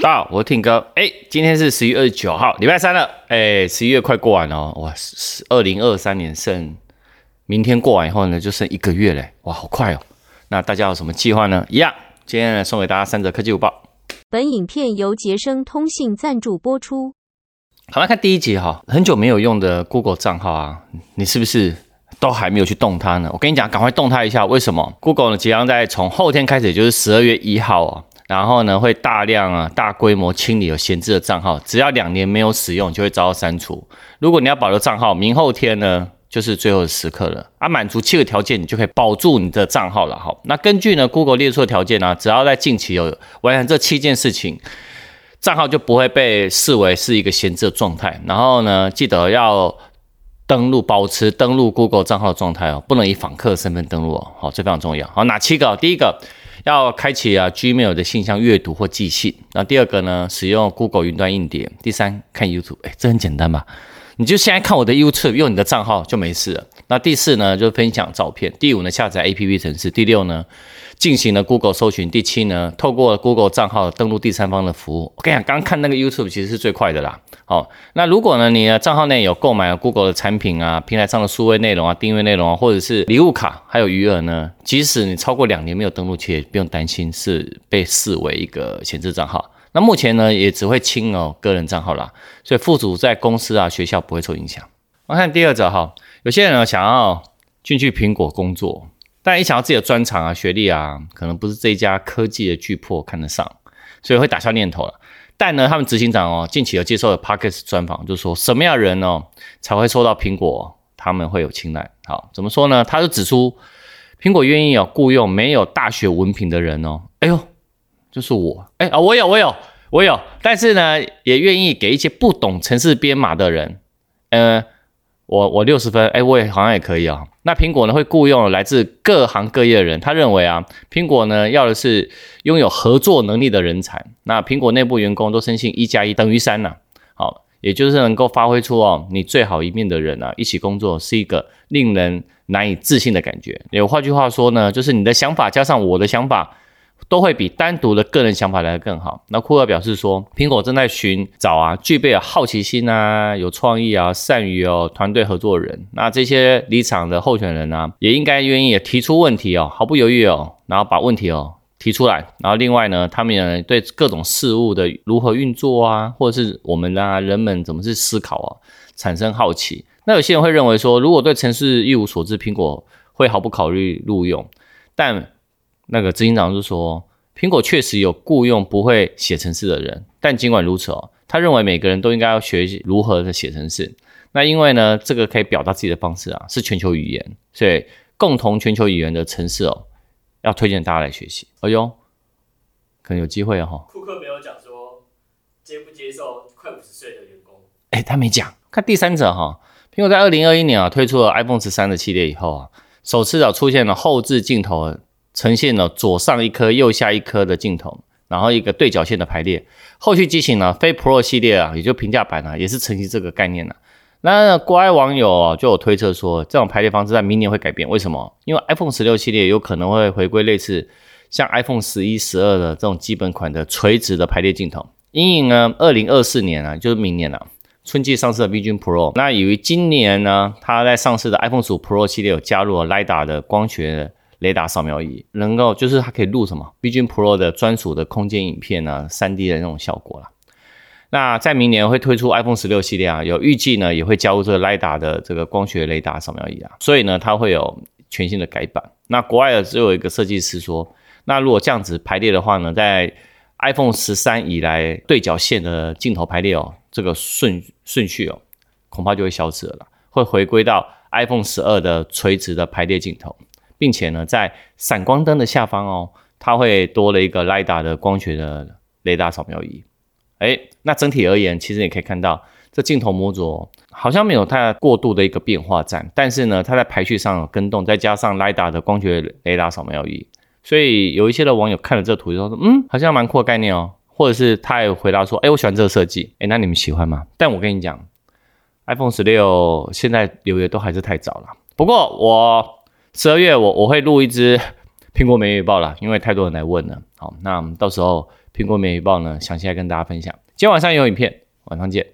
大家好，我是 Tim 哥、欸。今天是十一月二十九號，禮拜三了。哎、欸，十一月快過完了、哦，哇，二零二三年剩明天過完以後呢，就剩一個月嘞，哇，好快哦。那大家有什麼計劃呢？一樣，今天來送給大家三則科技午報。本影片由傑昇通信贊助播出。好了，來看第一集哈、哦，很久沒有用的 Google 賬號啊，你是不是都還沒有去動它呢？我跟你講，趕快動它一下。為什麼？Google 呢即將在從後天開始，就是十二月一號哦。然後呢，會大量啊、大規模清理有閒置的賬號只要兩年沒有使用，就會遭到刪除。如果你要保留賬號，明後天呢，就是最後的時刻了啊！滿足七個條件，你就可以保住你的賬號了。好，那根據呢，Google 列出的條件呢，啊，只要在近期有完成這七件事情，賬號就不會被視為是一個閒置的狀態。然後呢，記得要登錄，保持登錄 Google 賬號的狀態哦，不能以訪客身份登錄哦。好，這非常重要。好，哪七個？第一個。要開啟啊 Gmail 的信箱閱讀或寄信。那第二個呢，使用 Google 雲端硬碟。第三，看 YouTube，哎、欸，這很簡單吧？你就現在看我的 YouTube，用你的賬號就沒事了。那第四呢，就分享照片。第五呢，下載 A P P 程式。第六呢？進行了 Google 搜尋，第七呢，透過 Google 賬號登錄第三方的服務。我跟你講，剛剛看那個 YouTube，其實是最快的啦。好、哦，那如果呢，你的賬號內有購買了 Google 的產品啊，平台上的數位內容啊，訂閱內容啊，或者是禮物卡還有餘額呢，即使你超過兩年沒有登錄，其實也不用擔心是被視為一個閒置賬號。那目前呢，也只會清哦個人賬號啦，所以附屬在公司啊、學校不會受影響。我、哦、看第二者哈、哦，有些人呢想要進去蘋果工作。但一想到自己的專長啊、學歷啊，可能不是這一家科技的巨擘看得上，所以會打消念頭了。但呢，他們執行長哦近期有接受了 Podcast 專訪，就說什麼樣的人哦才會受到蘋果他們會有青睞？好，怎麼說呢？他就指出，蘋果願意哦雇傭沒有大學文憑的人哦。哎呦，就是我。哎啊、哦，我有，我有，我有。但是呢，也願意給一些不懂程式編碼的人，嗯、呃我我六十分，哎，我也好像也可以啊、哦。那蘋果呢會僱傭來自各行各業的人，他認為啊，蘋果呢要的是擁有合作能力的人才。那蘋果內部員工都深信一加一等於三吶、啊。好，也就是能夠發揮出哦你最好一面的人啊，一起工作是一個令人難以置信的感覺。有換句話說呢，就是你的想法加上我的想法。都會比單獨的個人想法來得更好。那庫克表示說，蘋果正在尋找啊，具備好奇心啊，有創意啊，善於哦團隊合作人。那這些離場的候選人呢、啊，也應該願意也提出問題哦，毫不猶豫哦，然後把問題哦提出來。然後另外呢，他們也對各種事物的如何運作啊，或者是我們啊人們怎麼去思考啊，產生好奇。那有些人會認為說，如果對程式一無所知，蘋果會毫不考慮錄用，但。那個執行長就說：“蘋果確實有僱傭不會寫程式的人，但儘管如此哦，他認為每個人都應該要學習如何的寫程式。那因為呢，這個可以表達自己的方式啊，是全球語言，所以共同全球語言的程式哦，要推薦大家來學習。哎喲，可能有機會哦。”庫克沒有講說接不接受快五十歲的員工，誒，他沒講。看第三者哈、哦，蘋果在二零二一年啊推出了 iPhone 十三的系列以後啊，首次啊出現了後置鏡頭。呈現了左上一顆、右下一顆的鏡頭，然後一個對角線的排列。後續機型呢，非 Pro 系列啊，也就平價版啊，也是呈現這個概念啊。那呢國外網友就有推測說，這種排列方式在明年會改變，為什麼？因為 iPhone 十六系列有可能會回歸類似像 iPhone 十一、十二的這種基本款的垂直的排列鏡頭。陰影呢，二零二四年啊，就是明年了、啊，春季上市的 Vision Pro。那由於今年呢，它在上市的 iPhone 十五 Pro 系列有加入了 LiDAR 的光學。雷達掃描儀能夠，就是它可以錄什麼？Vision Pro 的專屬的空間影片啊，3D 的那種效果啦、啊。那在明年會推出 iPhone 16系列啊，有預計呢，也會加入這個雷達的這個光學雷達掃描儀啊。所以呢，它會有全新的改版。那國外的只有一個設計師說，那如果這樣子排列的話呢，在 iPhone 13以來對角線的鏡頭排列哦，這個順順序哦，恐怕就會消失了，會回歸到 iPhone 12的垂直的排列鏡頭。並且呢，在閃光燈的下方哦，它會多了一個 LIDAR 的光學的雷達掃描儀。哎，那整體而言，其實你可以看到這鏡頭模組好像沒有太過度的一個變化站，但是呢，它在排序上有更動，再加上 LIDAR 的光學雷達掃描儀，所以有一些的網友看了這圖之後說，嗯，好像蠻酷概念哦。或者是他也回答說，哎，我喜歡這個設計。哎，那你們喜歡嗎？但我跟你講，iPhone 十六現在留言都還是太早了。不過我。十二月我我會錄一支蘋果每日報啦，因為太多人來問了。好，那我們到時候蘋果每日報呢，詳細來跟大家分享。今天晚上有影片，晚上見。